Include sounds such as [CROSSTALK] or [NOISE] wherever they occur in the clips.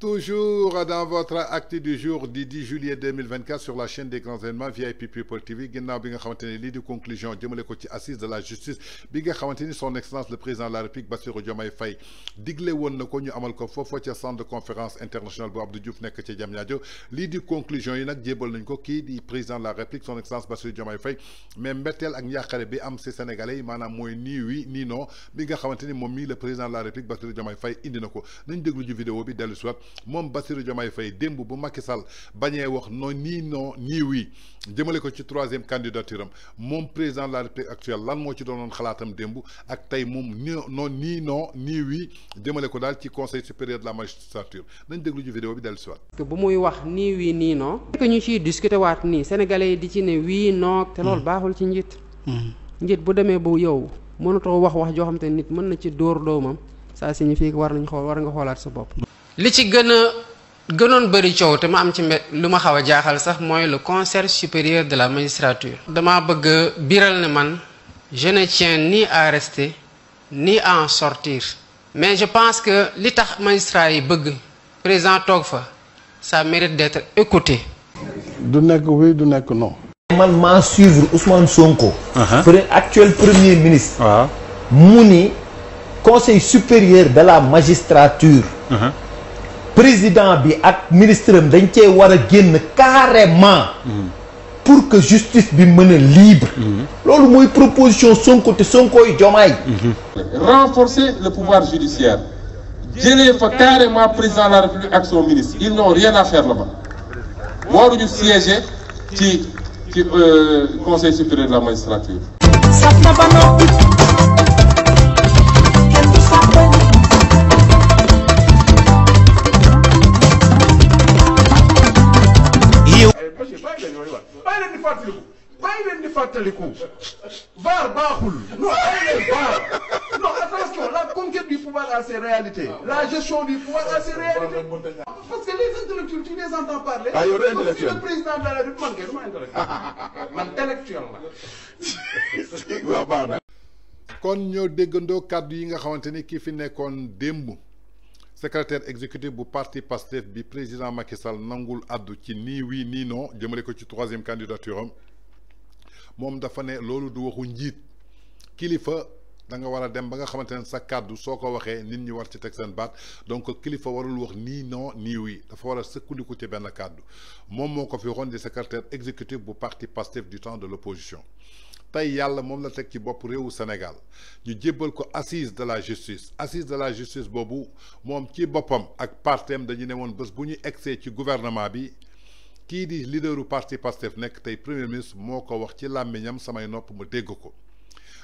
Toujours dans votre acte du jour du 10 juillet 2024 sur la chaîne des grands événements VIP People TV ginnaaw bi nga xamante ne di conclusion jëmale ko ci assise de la justice bi nga son excellence le président de la république Bassirou Diomaye Faye digle Won na ko ñu amal ko foofu centre de conférence internationale bu Abdou Diouf nekk ca Diamniadio lii di conclusion yi nag jébal nañ ko kii di président de la république son excellence Bassirou Diomaye Faye mais mbetteel ak njàqare bi am sénégalais yi maanaam ni oui ni non bi nga xamante le président de la république Bassirou Diomaye Faye indi na ko nañ déglu ju vidéo bi dellu si moom Bassirou Diomaye fay démb bu Macky Sall bañee wax non nii no nii wii jëmale ko ci troisième candidature am moom président la République actuelle lan moo ci doonoon xalaatam démb ak tey moom ni non nii non nii wii jëmale ko daal ci conseil supérieur de la magistrature nañ déglu ju vidéo bi dellu siwaat bu muy wax nii wii nii non que ñu ciy discuter waat nii sénégalais di ci ne wii non te loolu mm. baaxul ci njiit mm. njiit bu demee bu yow mënatoo wax wax joo xam te mën na ci dóor doomam ça signifie que war nañ xool war nga xoolaat sa bopp li ci gëna gënon bari c'est ma am ci sax le conseil supérieur de la magistrature dama bëgg biral ne man je ne tiens ni à rester ni à en sortir mais je pense que li tax magistrat yi bëgg président fa ça mérite d'être écouté du nek oui du nek non man ma suivre Ousmane Sonko actuel premier ministre mu le conseil supérieur de la magistrature président bi ak ministre à dañ carrément pour que justice bi libre lolu moy proposition côté son Sonkooy Jomaay renforcer le pouvoir judiciaire jëlee fa carrément président de la République ak son ministre ils n'ont rien à faire là-bas du siéger ci ci euh, conseil supérieur de la magistrature leen di fàttaliku bàyyi leen di fàttaliku VAR baaxul. non bàyyi leen VAR non attention la conquête du pouvoir a ses réalités. la gestion du pouvoir a ses réalités. parce que les intellectuels tu les entends parler. ah yow de intellectuel le président de la République man kay man intellectuel la. [LAUGHS] kon ñoo déggandoo kàddu yi nga xamante ni ki fi nekkoon démb. secrétaire exécutif du parti Pastef bi président Macky Sall nangul addu ci ni oui ni non jëmale ko ci troisième candidature Mom moom dafa ne du waxu njit kilifa da nga war dem ba nga xamante sa kàddu soko ko nit ñi war ci tek sen baat donc kilifa warul wax ni non ni oui dafa war a sëkkandiku ci ben kàddu mom moko fi waxoon di secrétaire exécutif bu parti Pastef du temps de l'opposition tey yàlla moom la teg ci bopp réewu Sénégal ñu jébbal ko assise de la justice assise de la justice boobu moom ci boppam ak partem dañu ne woon bés bu ñu egsee ci gouvernement bi kii di leaderu parti Pastef nekk tey premier ministre moo ko wax ci làmmiñam samay nopp mu dégg ko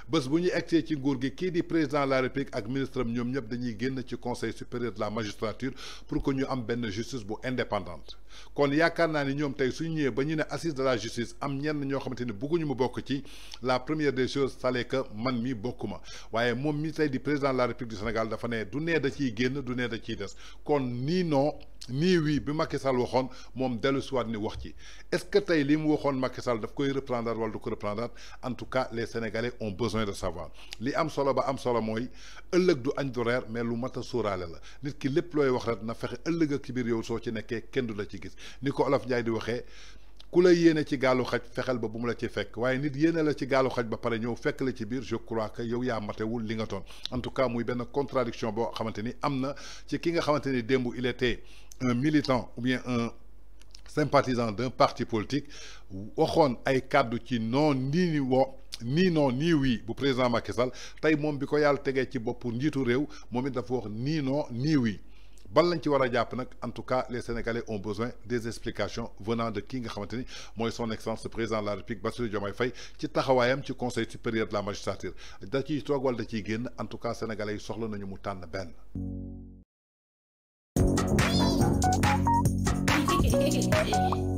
bés bu ñuy ci nguur gi ki di président de la république ak ministre ñom ñep dañuy génn ci conseil supérieur de la magistrature pour que ñu am ben justice bu indépendante kon yaakaar naa ni ñom tay suñu ñëwee ba ñu né assise de la justice am ñenn ñoo xamante ni ñu mu bok ci la première des choses c'est que man mi bokuma. waaye mom mi tay di président de la république du Sénégal dafa né du né da ciy génn du né da ciy dess. kon ni non ni wi bi Macky Sall waxoon mom dellu suwat ni wax ci est-ce que tay lim mu Macky Sall daf koy reprendre wala du ko reprendre en tout cas les Sénégalais ont besoin besoin de savoir li am solo ba am solo moy ëllëg du añ du rër mais lu mata sourale la nit ki lépp loy wax rat na fexe ëllëg ak ci yow so ci nekké kenn du la ci gis ni ko olof di waxé ku la ci galu xaj fexeel ba bu mu la ci fekk waye nit yéne la ci galu xaj ba pare ñëw fekk la ci bir je crois que yow maté wul li nga ton en tout cas muy ben contradiction bo xamanteni amna ci ki nga xamanteni dembu il était un militant ou bien un sympathisant d'un parti politique waxoon ay cadre ci non ni ni wo ni non ni oui. bu président Macky Sall tay mom biko ko yàlla ci bopp njiitu réew moom it dafa wax ni non ni oui. ban lañ ci wara japp nak en tout cas les sénégalais ont besoin des explications venant de ki nga xamanteni moy son excellence président de la république Bassirou Diomaye Faye ci taxawayam ci conseil supérieur de la magistrature da ci toog wala da ci guen en tout cas sénégalais yi soxla nañu mu tànn benn. Yeah.